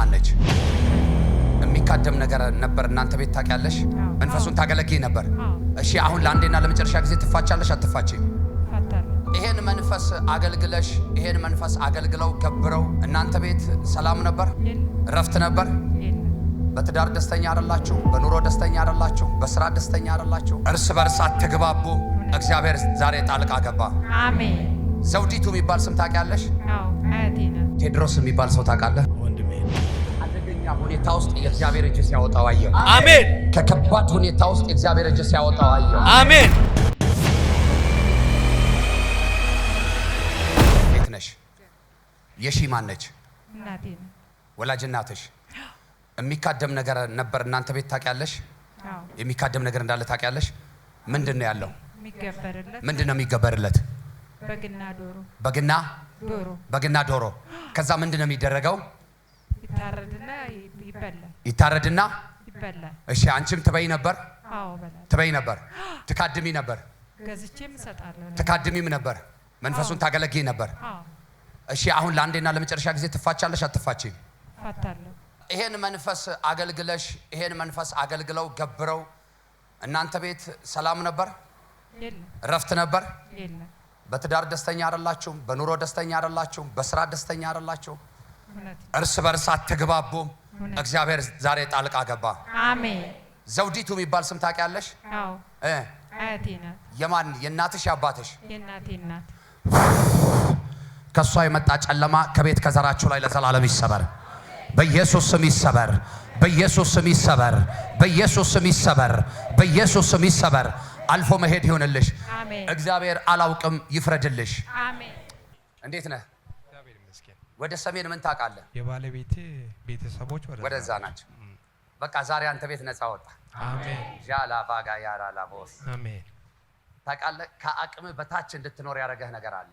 ማነች? የሚካደም ነገር ነበር እናንተ ቤት ታውቂያለሽ። መንፈሱን ታገለግይ ነበር። እሺ አሁን ለአንዴና ለመጨረሻ ጊዜ ትፋቻለሽ አትፋች? ይሄን መንፈስ አገልግለሽ ይሄን መንፈስ አገልግለው ገብረው እናንተ ቤት ሰላም ነበር፣ እረፍት ነበር። በትዳር ደስተኛ አይደላችሁ፣ በኑሮ ደስተኛ አይደላችሁ፣ በስራ ደስተኛ አይደላችሁ፣ እርስ በርስ አትግባቡ። እግዚአብሔር ዛሬ ጣልቃ ገባ። አሜን። ዘውዲቱ የሚባል ስም ታውቂያለሽ? ቴድሮስ የሚባል ሰው ታውቃለህ? ከኃይለኛ ሁኔታ ውስጥ የእግዚአብሔር እጅ ሲያወጣው አየሁ። አሜን። ከከባድ ሁኔታ ውስጥ የእግዚአብሔር እጅ ሲያወጣው አየሁ። አሜን። የት ነሽ? የሺ ማን ነች? ወላጅ እናትሽ። የሚካደም ነገር ነበር እናንተ ቤት ታውቂያለሽ? የሚካደም ነገር እንዳለ ታውቂያለሽ? ምንድን ነው ያለው? ምንድን ነው የሚገበርለት? በግና ዶሮ፣ በግና ዶሮ። ከዛ ምንድን ነው የሚደረገው? ይታረድና እሺ፣ አንቺም ትበይ ነበር ትበይ ነበር ትካድሚ ነበር ትካድሚም ነበር መንፈሱን ታገለግይ ነበር። እሺ፣ አሁን ለአንዴና ለመጨረሻ ጊዜ ትፋቻለሽ አትፋችም? ይሄን መንፈስ አገልግለሽ ይሄን መንፈስ አገልግለው ገብረው እናንተ ቤት ሰላም ነበር፣ እረፍት ነበር። በትዳር ደስተኛ አይደላችሁም፣ በኑሮ ደስተኛ አይደላችሁም፣ በስራ ደስተኛ አይደላችሁም። እርስ በርስ አትግባቡም። እግዚአብሔር ዛሬ ጣልቃ ገባ። አሜን። ዘውዲቱ የሚባል ስም ታውቂያለሽ? አዎ። የማን? የእናትሽ? የአባትሽ? ከእሷ የመጣ ጨለማ ከቤት ከዘራችሁ ላይ ለዘላለም ይሰበር፣ በኢየሱስ ስም ይሰበር፣ በኢየሱስ ስም ይሰበር፣ በኢየሱስ ስም ይሰበር፣ በኢየሱስ ስም ይሰበር። አልፎ መሄድ ይሆንልሽ። እግዚአብሔር አላውቅም ይፍረድልሽ። እንዴት ነህ? ወደ ሰሜን ምን ታውቃለህ? የባለቤቴ ቤተሰቦች ወደዛ ናቸው። በቃ ዛሬ አንተ ቤት ነፃ ወጣ። አሜን። ዣላ ያራ ላቦስ አሜን። ታውቃለህ፣ ከአቅም በታች እንድትኖር ያደረገህ ነገር አለ።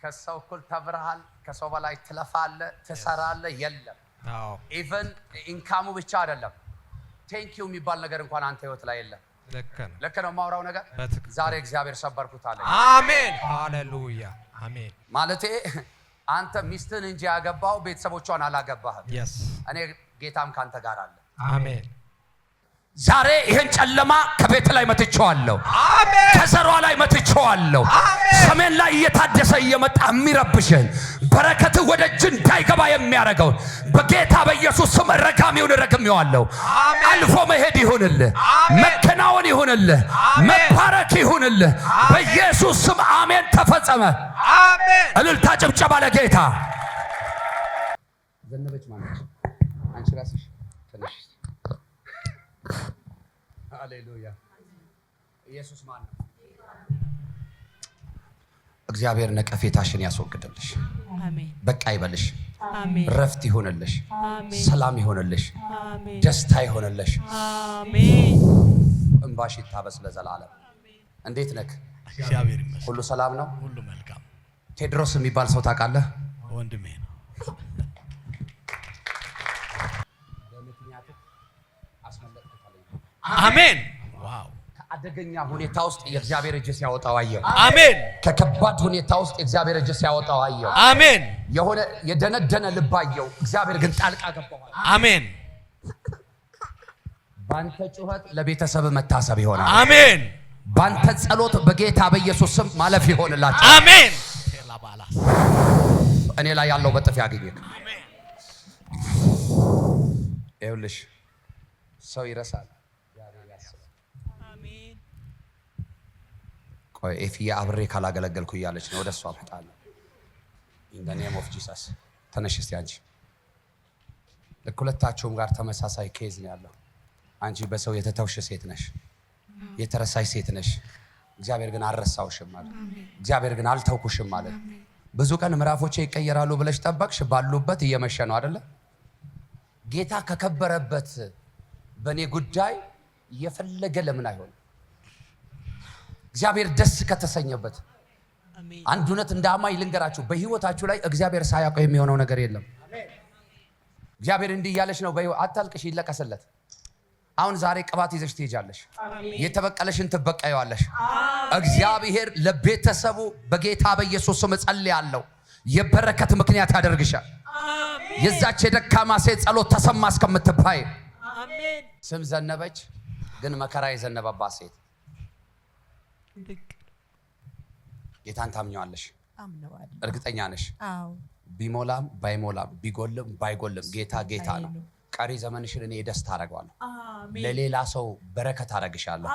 ከሰው እኩል ተብረሃል። ከሰው በላይ ትለፋለህ፣ ትሰራለህ። የለም ኢቨን ኢንካሙ ብቻ አይደለም ቴንኪው የሚባል ነገር እንኳን አንተ ህይወት ላይ የለም። ልክ ነው የማውራው ነገር። ዛሬ እግዚአብሔር ሰበርኩት አለ። አሜን። ሃሌሉያ። አሜን ማለቴ አንተ ሚስትን እንጂ ያገባው ቤተሰቦቿን አላገባህም። እኔ ጌታም ከአንተ ጋር አለ። አሜን። ዛሬ ይህን ጨለማ ከቤት ላይ መትቼዋለሁ። ከዘሯ ላይ መትቼዋለሁ። ሰሜን ላይ እየታደሰ እየመጣ የሚረብሽን በረከት ወደ እጅ እንዳይገባ የሚያደርገውን በጌታ በኢየሱስ ስም ረጋሚውን ረግሜዋለሁ። አልፎ መሄድ ይሁንልህ፣ መከናወን ይሁንልህ፣ መባረክ ይሁንልህ። በኢየሱስ ስም አሜን። ተፈጸመ። እልልታ ጭብጨባ ለጌታ ዘነበች ማለት ሃሌሉያ። ኢየሱስ ማን ነው? እግዚአብሔር ነቀፌታሽን ያስወግድልሽ። በቃ ይበልሽ። ረፍት ይሆንልሽ፣ ሰላም ይሆንልሽ፣ ደስታ ይሆንልሽ። እንባሽ ይታበስ ለዘላለም። እንዴት ነክ? ሁሉ ሰላም ነው? ሁሉ መልካም። ቴድሮስ የሚባል ሰው ታውቃለህ? ወንድሜ ነው። በምክንያቱ አስመለጠ አሜን። ከአደገኛ ሁኔታ ውስጥ የእግዚአብሔር እጅ ሲያወጣው አየሁ። አሜን። ከከባድ ሁኔታ ውስጥ የእግዚአብሔር እጅ ሲያወጣው አየሁ። አሜን። የሆነ የደነደነ ልብ አየሁ። እግዚአብሔር ግን ጣልቃ ገባዋል። አሜን። ባንተ ጩኸት ለቤተሰብ መታሰብ ይሆናል። አሜን። ባንተ ጸሎት በጌታ በኢየሱስ ስም ማለፍ ይሆንላቸው። አሜን። እኔ ላይ ያለው በጥፍ ያገኘ ይኸውልሽ ሰው ይረሳል። ኤፊ አብሬ ካላገለገልኩ እያለች ነው። ወደ እሷ እመጣለሁ። ኢን ዘ ኔም ኦፍ ጂሰስ ተነሽ እስቲ አንቺ። ልክ ሁለታችሁም ጋር ተመሳሳይ ኬዝ ነው ያለው። አንቺ በሰው የተተውሽ ሴት ነሽ፣ የተረሳሽ ሴት ነሽ። እግዚአብሔር ግን አልረሳውሽም ማለት እግዚአብሔር ግን አልተውኩሽም ማለት። ብዙ ቀን ምዕራፎቼ ይቀየራሉ ብለሽ ጠበቅሽ፣ ባሉበት እየመሸ ነው አደለ? ጌታ ከከበረበት በእኔ ጉዳይ የፈለገ ለምን አይሆንም? እግዚአብሔር ደስ ከተሰኘበት አንድ እውነት እንደ አማኝ ልንገራችሁ፣ በህይወታችሁ ላይ እግዚአብሔር ሳያውቀው የሚሆነው ነገር የለም። እግዚአብሔር እንዲህ እያለች ነው፣ አታልቅሽ፣ ይለቀስለት። አሁን ዛሬ ቅባት ይዘሽ ትሄጃለሽ፣ የተበቀለሽን ትበቀየዋለሽ። እግዚአብሔር ለቤተሰቡ በጌታ በኢየሱስ ስም እጸልያለሁ፣ የበረከት ምክንያት ያደርግሻል። የዛች የደካማ ሴት ጸሎት ተሰማ እስከምትባይ ስም ዘነበች፣ ግን መከራ የዘነበባት ሴት ጌታን ታምኘዋለሽ? አምነዋለሁ። እርግጠኛ ነሽ? አዎ። ቢሞላም ባይሞላም ቢጎልም ባይጎልም ጌታ ጌታ ነው። ቀሪ ዘመንሽን እኔ ደስታ አደርገዋለሁ። ለሌላ ሰው በረከት አደርግሻለሁ።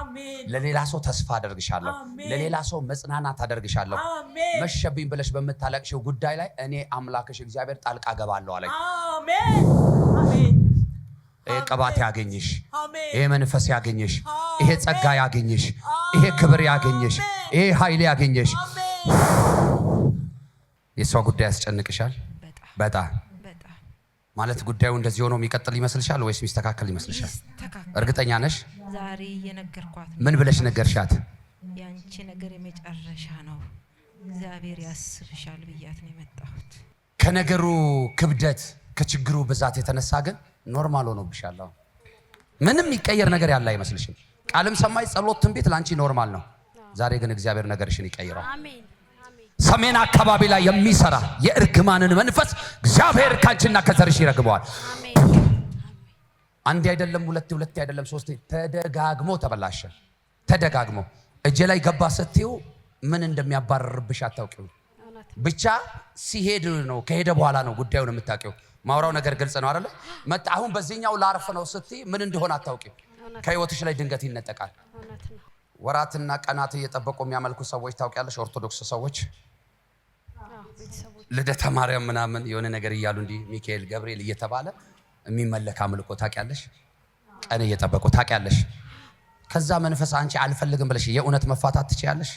ለሌላ ሰው ተስፋ አደርግሻለሁ። ለሌላ ሰው መጽናናት አደርግሻለሁ። መሸብኝ ብለሽ በምታለቅሽው ጉዳይ ላይ እኔ አምላክሽ እግዚአብሔር ጣልቃ ገባለሁ አለኝ። ቅባት ያገኝሽ፣ ይህ መንፈስ ያገኝሽ ይሄ ጸጋ ያገኘሽ፣ ይሄ ክብር ያገኘሽ፣ ይሄ ኃይል ያገኘሽ። የእሷ ጉዳይ ያስጨንቅሻል በጣም ማለት ጉዳዩ እንደዚህ ሆኖ የሚቀጥል ይመስልሻል ወይስ የሚስተካከል ይመስልሻል? እርግጠኛ ነሽ? ዛሬ የነገርኳት ምን ብለሽ ነገርሻት? የአንቺ ነገር የመጨረሻ ነው፣ እግዚአብሔር ያስብሻል ብያት ነው የመጣሁት። ከነገሩ ክብደት ከችግሩ ብዛት የተነሳ ግን ኖርማል ሆኖብሻል። ምንም የሚቀየር ነገር ያለ አይመስልሽም። ቃልም ሰማይ፣ ጸሎት፣ ትንቢት ላንቺ ኖርማል ነው። ዛሬ ግን እግዚአብሔር ነገርሽን ይቀይረዋል። ሰሜን አካባቢ ላይ የሚሰራ የእርግማንን መንፈስ እግዚአብሔር ካንቺና ከዘርሽ ይረግመዋል። አንድ አይደለም ሁለት፣ ሁለት አይደለም ሶስት፣ ተደጋግሞ ተበላሸ። ተደጋግሞ እጄ ላይ ገባ ስትዩ ምን እንደሚያባርርብሽ አታውቂው። ብቻ ሲሄድ ነው ከሄደ በኋላ ነው ጉዳዩን የምታውቂው። ማውራው ነገር ግልጽ ነው አይደለ? አሁን በዚህኛው ላርፍ ነው ስትይ ምን እንደሆነ አታውቂው። ከህይወትሽ ላይ ድንገት ይነጠቃል። ወራትና ቀናት እየጠበቁ የሚያመልኩ ሰዎች ታውቂያለሽ? ኦርቶዶክስ ሰዎች ልደተ ማርያም ምናምን የሆነ ነገር እያሉ እንዲህ ሚካኤል ገብርኤል እየተባለ የሚመለክ አምልኮ ታውቂያለሽ? ቀን እየጠበቁ ታውቂያለሽ? ከዛ መንፈስ አንቺ አልፈልግም ብለሽ የእውነት መፋታት ትችያለሽ።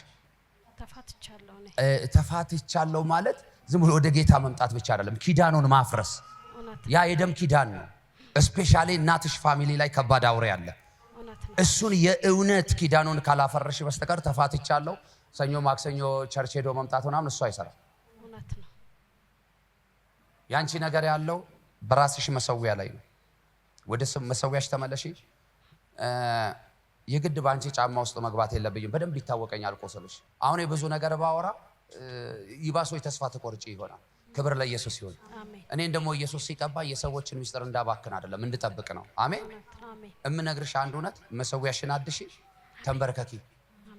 ተፋትቻለሁ ማለት ዝም ብሎ ወደ ጌታ መምጣት ብቻ አይደለም፣ ኪዳኑን ማፍረስ ያ የደም ኪዳን ነው። እስፔሻሊ እናትሽ ፋሚሊ ላይ ከባድ አውሬ አለ። እሱን የእውነት ኪዳኑን ካላፈረሽ በስተቀር ተፋትቻለሁ፣ ሰኞ ማክሰኞ ቸርች ሄዶ መምጣት ምናምን እሱ አይሰራም። ያንቺ ነገር ያለው በራስሽ መሰዊያ ላይ ነው። ወደ መሰዊያሽ ተመለሺ። የግድ በአንቺ ጫማ ውስጥ መግባት የለብኝም። በደንብ ይታወቀኛል ቁስልሽ። አሁን የብዙ ነገር ባወራ ይባሶች ተስፋ ትቆርጪ ይሆናል። ክብር ለኢየሱስ ይሁን። እኔን ደግሞ ኢየሱስ ሲቀባ የሰዎችን ሚስጥር እንዳባክን አይደለም እንድጠብቅ ነው። አሜን። እምነግርሽ አንድ እውነት መሰዊያሽን አድሺ፣ ተንበርከኪ።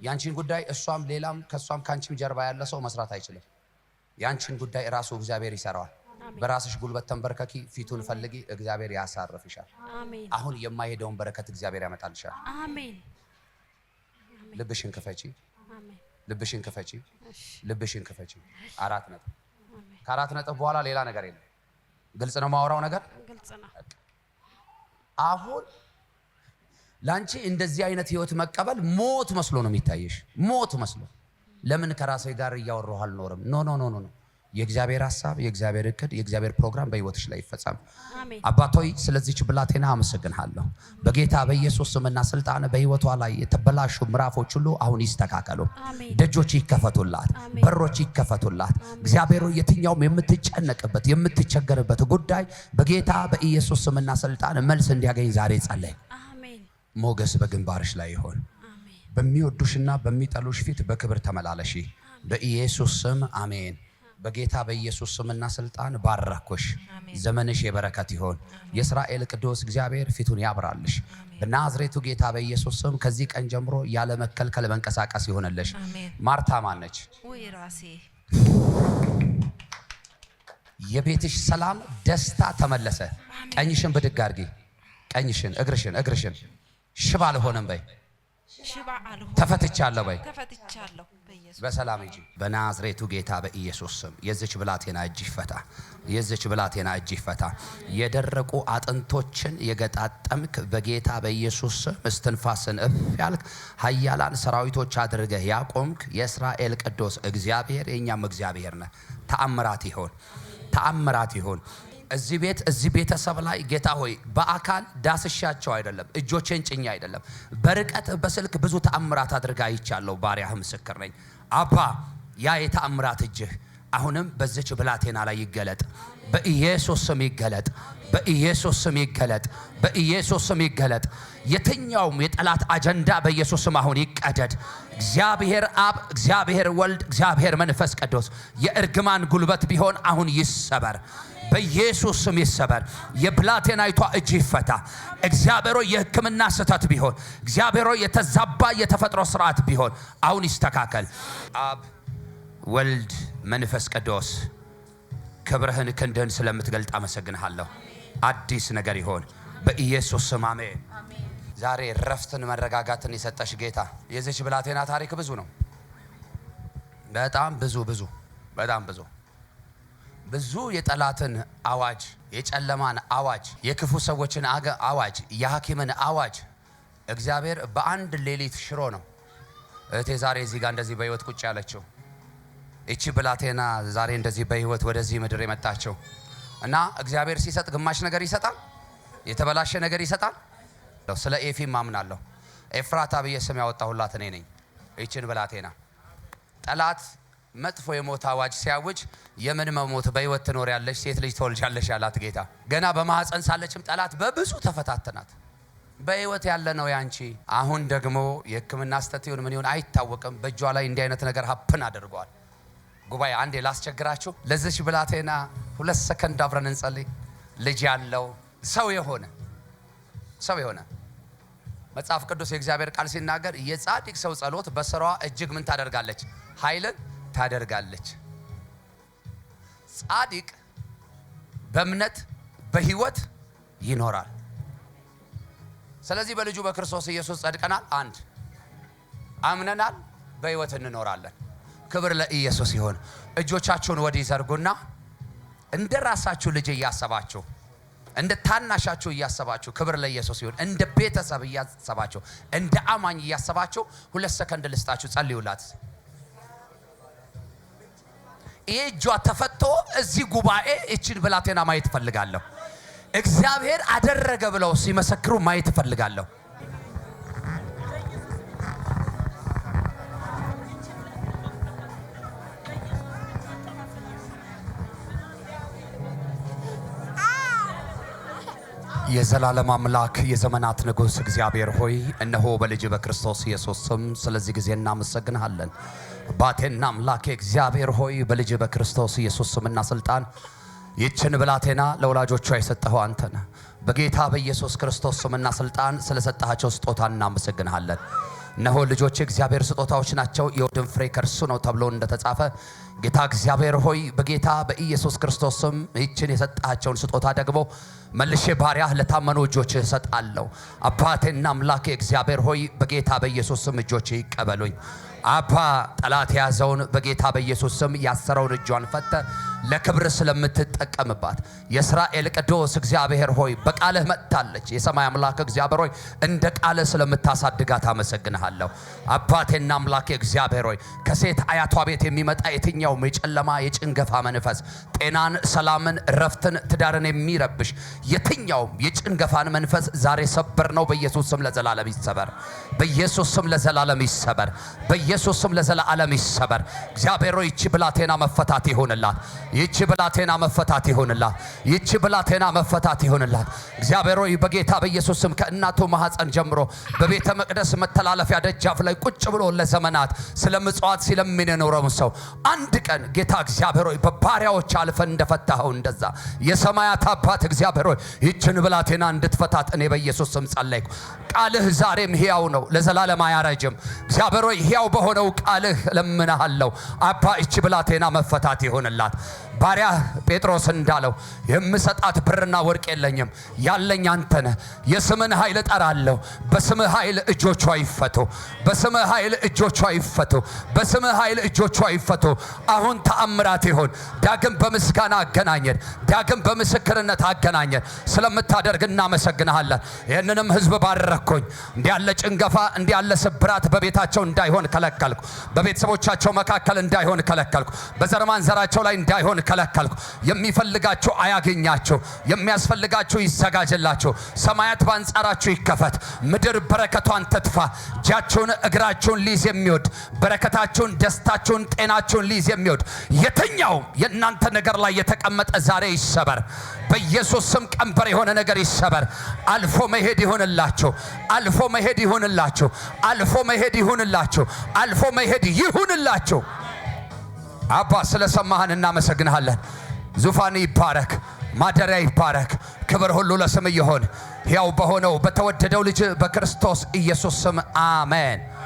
ያንቺን ጉዳይ እሷም ሌላም ከእሷም ከአንቺም ጀርባ ያለ ሰው መስራት አይችልም። ያንቺን ጉዳይ ራሱ እግዚአብሔር ይሰራዋል። በራስሽ ጉልበት ተንበርከኪ፣ ፊቱን ፈልጊ፣ እግዚአብሔር ያሳርፍሻል። አሁን የማይሄደውን በረከት እግዚአብሔር ያመጣልሻል። ልብሽን ክፈቺ፣ ልብሽን ክፈቺ፣ ልብሽን ክፈቺ። አራት ነጥብ ከአራት ነጥብ በኋላ ሌላ ነገር የለም። ግልጽ ነው ማውራው ነገር። አሁን ለአንቺ እንደዚህ አይነት ህይወት መቀበል ሞት መስሎ ነው የሚታየሽ፣ ሞት መስሎ። ለምን ከራሴ ጋር እያወራሁ አልኖርም? ኖ ኖ ኖ ኖ የእግዚአብሔር ሀሳብ፣ የእግዚአብሔር እቅድ፣ የእግዚአብሔር ፕሮግራም በህይወትሽ ላይ ይፈጸም። አባቶይ ስለዚች ብላቴና አመሰግንሃለሁ። በጌታ በኢየሱስ ስምና ስልጣን በህይወቷ ላይ የተበላሹ ምዕራፎች ሁሉ አሁን ይስተካከሉ፣ ደጆች ይከፈቱላት፣ በሮች ይከፈቱላት። እግዚአብሔሩ የትኛውም የምትጨነቅበት የምትቸገርበት ጉዳይ በጌታ በኢየሱስ ስምና ስልጣን መልስ እንዲያገኝ ዛሬ ጸለይ። ሞገስ በግንባርሽ ላይ ይሆን። በሚወዱሽና በሚጠሉሽ ፊት በክብር ተመላለሺ። በኢየሱስ ስም አሜን። በጌታ በኢየሱስ ስምና ስልጣን ባረኩሽ። ዘመንሽ የበረከት ይሆን። የእስራኤል ቅዱስ እግዚአብሔር ፊቱን ያብራልሽ። በናዝሬቱ ጌታ በኢየሱስ ስም ከዚህ ቀን ጀምሮ ያለ መከልከል መንቀሳቀስ ይሆንልሽ። ማርታ ማነች? የቤትሽ ሰላም፣ ደስታ ተመለሰ። ቀኝሽን ብድግ አድርጊ። ቀኝሽን፣ እግርሽን፣ እግርሽን ሽባ አልሆንም በይ። ተፈትቻለሁ በይ በሰላም ሂጂ በናዝሬቱ ጌታ በኢየሱስ ስም። የዚች ብላቴና እጅ ይፈታ፣ የዚች ብላቴና እጅ ይፈታ። የደረቁ አጥንቶችን የገጣጠምክ በጌታ በኢየሱስ ስም እስትንፋስን እፍ ያልክ ኃያላን ሰራዊቶች አድርገህ ያቆምክ የእስራኤል ቅዱስ እግዚአብሔር የእኛም እግዚአብሔር ነህ። ተአምራት ይሆን፣ ተአምራት ይሆን። እዚህ ቤት እዚህ ቤተሰብ ላይ ጌታ ሆይ በአካል ዳስሻቸው አይደለም፣ እጆቼን ጭኛ አይደለም፣ በርቀት በስልክ ብዙ ተአምራት አድርጋ ይቻለሁ። ባሪያህ ምስክር ነኝ። አባ ያ የተአምራት እጅህ አሁንም በዚች ብላቴና ላይ ይገለጥ፣ በኢየሱስ ስም ይገለጥ፣ በኢየሱስ ስም ይገለጥ፣ በኢየሱስ ስም ይገለጥ። የትኛውም የጠላት አጀንዳ በኢየሱስ ስም አሁን ይቀደድ። እግዚአብሔር አብ፣ እግዚአብሔር ወልድ፣ እግዚአብሔር መንፈስ ቅዱስ የእርግማን ጉልበት ቢሆን አሁን ይሰበር። በኢየሱስ ስም ይሰበር። የብላቴናይቷ እጅ ይፈታ። እግዚአብሔሮ የሕክምና ስህተት ቢሆን እግዚአብሔሮ የተዛባ የተፈጥሮ ስርዓት ቢሆን አሁን ይስተካከል። አብ ወልድ መንፈስ ቅዱስ ክብርህን ክንድህን ስለምትገልጥ አመሰግንሃለሁ። አዲስ ነገር ይሆን በኢየሱስ ስም አሜን። ዛሬ ረፍትን መረጋጋትን የሰጠሽ ጌታ የዚች ብላቴና ታሪክ ብዙ ነው። በጣም ብዙ ብዙ በጣም ብዙ ብዙ የጠላትን አዋጅ፣ የጨለማን አዋጅ፣ የክፉ ሰዎችን አዋጅ፣ የሐኪምን አዋጅ እግዚአብሔር በአንድ ሌሊት ሽሮ ነው። እህቴ ዛሬ እዚህ ጋር እንደዚህ በህይወት ቁጭ ያለችው እቺ ብላቴና ዛሬ እንደዚህ በህይወት ወደዚህ ምድር የመጣችው እና እግዚአብሔር ሲሰጥ ግማሽ ነገር ይሰጣል፣ የተበላሸ ነገር ይሰጣል። ስለ ኤፊ ማምናለሁ። ኤፍራታ ብዬ ስም ያወጣሁላት እኔ ነኝ። ይችን ብላቴና ጠላት መጥፎ የሞት አዋጅ ሲያውጅ የምን መሞት በህይወት ትኖር ያለች ሴት ልጅ ትወልጃለሽ ያላት ጌታ ገና በማህፀን ሳለችም ጠላት በብዙ ተፈታተናት። በህይወት ያለ ነው ያንቺ። አሁን ደግሞ የህክምና ስተትውን ምን ይሆን አይታወቅም። በእጇ ላይ እንዲህ አይነት ነገር ሀፕን አድርገዋል። ጉባኤ አንዴ ላስቸግራችሁ። ለዚች ብላቴና ሁለት ሰከንድ አብረን እንጸልይ። ልጅ ያለው ሰው የሆነ ሰው የሆነ መጽሐፍ ቅዱስ የእግዚአብሔር ቃል ሲናገር የጻድቅ ሰው ጸሎት በስራዋ እጅግ ምን ታደርጋለች? ኃይልን ታደርጋለች። ጻድቅ በእምነት በህይወት ይኖራል። ስለዚህ በልጁ በክርስቶስ ኢየሱስ ጸድቀናል። አንድ አምነናል፣ በህይወት እንኖራለን። ክብር ለኢየሱስ ይሁን። እጆቻችሁን ወዲህ ዘርጉና እንደ ራሳችሁ ልጅ እያሰባችሁ እንደ ታናሻችሁ እያሰባችሁ ክብር ለኢየሱስ ይሁን። እንደ ቤተሰብ እያሰባችሁ እንደ አማኝ እያሰባችሁ ሁለት ሰከንድ ልስጣችሁ ጸልዩላት። ይሄ እጇ ተፈቶ እዚህ ጉባኤ እችን ብላቴና ማየት እፈልጋለሁ። እግዚአብሔር አደረገ ብለው ሲመሰክሩ ማየት እፈልጋለሁ። የዘላለም አምላክ የዘመናት ንጉሥ እግዚአብሔር ሆይ እነሆ በልጅ በክርስቶስ ኢየሱስ ስም ስለዚህ ጊዜ እናመሰግንሃለን። አባቴና አምላኬ እግዚአብሔር ሆይ በልጅ በክርስቶስ ኢየሱስ ስምና ስልጣን ይችን ብላቴና ለወላጆቿ የሰጠኸው አንተ ነህ። በጌታ በኢየሱስ ክርስቶስ ስምና ስልጣን ስለሰጠሃቸው ስጦታ እናመሰግንሃለን። እነሆ ልጆች እግዚአብሔር ስጦታዎች ናቸው፣ የወድን ፍሬ ከእርሱ ነው ተብሎ እንደተጻፈ ጌታ እግዚአብሔር ሆይ በጌታ በኢየሱስ ክርስቶስ ስም ይህችን የሰጣቸውን ስጦታ ደግሞ መልሼ ባሪያህ ለታመኑ እጆች እሰጣለሁ። አባቴና አምላኬ እግዚአብሔር ሆይ በጌታ በኢየሱስ ስም እጆች ይቀበሉኝ። አባ ጠላት የያዘውን በጌታ በኢየሱስ ስም ያሰረውን እጇን ፈተ ለክብር ስለምትጠቀምባት የእስራኤል ቅዱስ እግዚአብሔር ሆይ በቃልህ መጥታለች። የሰማይ አምላክ እግዚአብሔር ሆይ እንደ ቃልህ ስለምታሳድጋት አመሰግንሃለሁ። አባቴና አምላኬ እግዚአብሔር ሆይ ከሴት አያቷ ቤት የሚመጣ የትኛውም የጨለማ የጭንገፋ መንፈስ ጤናን፣ ሰላምን፣ እረፍትን፣ ትዳርን የሚረብሽ የትኛውም የጭንገፋን መንፈስ ዛሬ ሰበር ነው። በኢየሱስ ስም ለዘላለም ይሰበር። በኢየሱስ ስም ለዘላለም ይሰበር። በኢየሱስ ስም ለዘላለም ይሰበር። እግዚአብሔር ይቺ ብላቴና መፈታት ይሆንላት። ይቺ ብላቴና መፈታት ይሆንላት። ይቺ ብላቴና መፈታት ይሆንላት። እግዚአብሔር በጌታ በኢየሱስ ስም ከእናቱ ማኅፀን ጀምሮ በቤተ መቅደስ መተላለፊያ ደጃፍ ላይ ቁጭ ብሎ ለዘመናት ስለ ምጽዋት ሲለምን የኖረውን ሰው አንድ ቀን ጌታ እግዚአብሔር ሆይ በባሪያዎች አልፈን እንደፈታኸው እንደዛ የሰማያት አባት እግዚአብሔር ሆይ ይችን ብላቴና እንድትፈታት እኔ በኢየሱስ ስም ጸለይኩ። ቃልህ ዛሬም ሕያው ነው፣ ለዘላለም አያረጅም። እግዚአብሔር ሆይ ሕያው በሆነ በሆነው ቃልህ እለምንሃለሁ አባ፣ እቺ ብላቴና መፈታት ይሆንላት። ባሪያ ጴጥሮስ እንዳለው የምሰጣት ብርና ወርቅ የለኝም፣ ያለኝ አንተ ነህ። የስምን ኃይል እጠራለሁ። በስም ኃይል እጆቿ ይፈቱ፣ በስም ኃይል እጆቿ ይፈቱ፣ በስም ኃይል እጆቿ ይፈቱ። አሁን ተአምራት ይሁን። ዳግም በምስጋና አገናኘን፣ ዳግም በምስክርነት አገናኘን። ስለምታደርግ እናመሰግንሃለን። ይህንንም ህዝብ ባረኩኝ። እንዲያለ ጭንገፋ፣ እንዲያለ ስብራት በቤታቸው እንዳይሆን ከለከልኩ፣ በቤተሰቦቻቸው መካከል እንዳይሆን ከለከልኩ፣ በዘር ላይ እንዳይሆን ከለከልኩ። የሚፈልጋቸው አያገኛቸው የሚያስፈልጋችሁ ይዘጋጅላችሁ። ሰማያት በአንጻራቸው ይከፈት፣ ምድር በረከቷን ትትፋ እጃቸውን እግራቸውን ሊይዝ የሚወድ በረከታቸውን ደስታቸውን ጤናቸውን ሊይዝ የሚወድ የትኛው የእናንተ ነገር ላይ የተቀመጠ ዛሬ ይሰበር። በኢየሱስ ስም ቀንበር የሆነ ነገር ይሰበር። አልፎ መሄድ ይሁንላችሁ። አልፎ መሄድ ይሁንላችሁ። አልፎ መሄድ ይሁንላችሁ። አልፎ መሄድ ይሁንላቸው። አባ ስለሰማህን እናመሰግንሃለን። ዙፋን ይባረክ፣ ማደሪያ ይባረክ። ክብር ሁሉ ለስም ይሆን ሕያው በሆነው በተወደደው ልጅ በክርስቶስ ኢየሱስ ስም አሜን።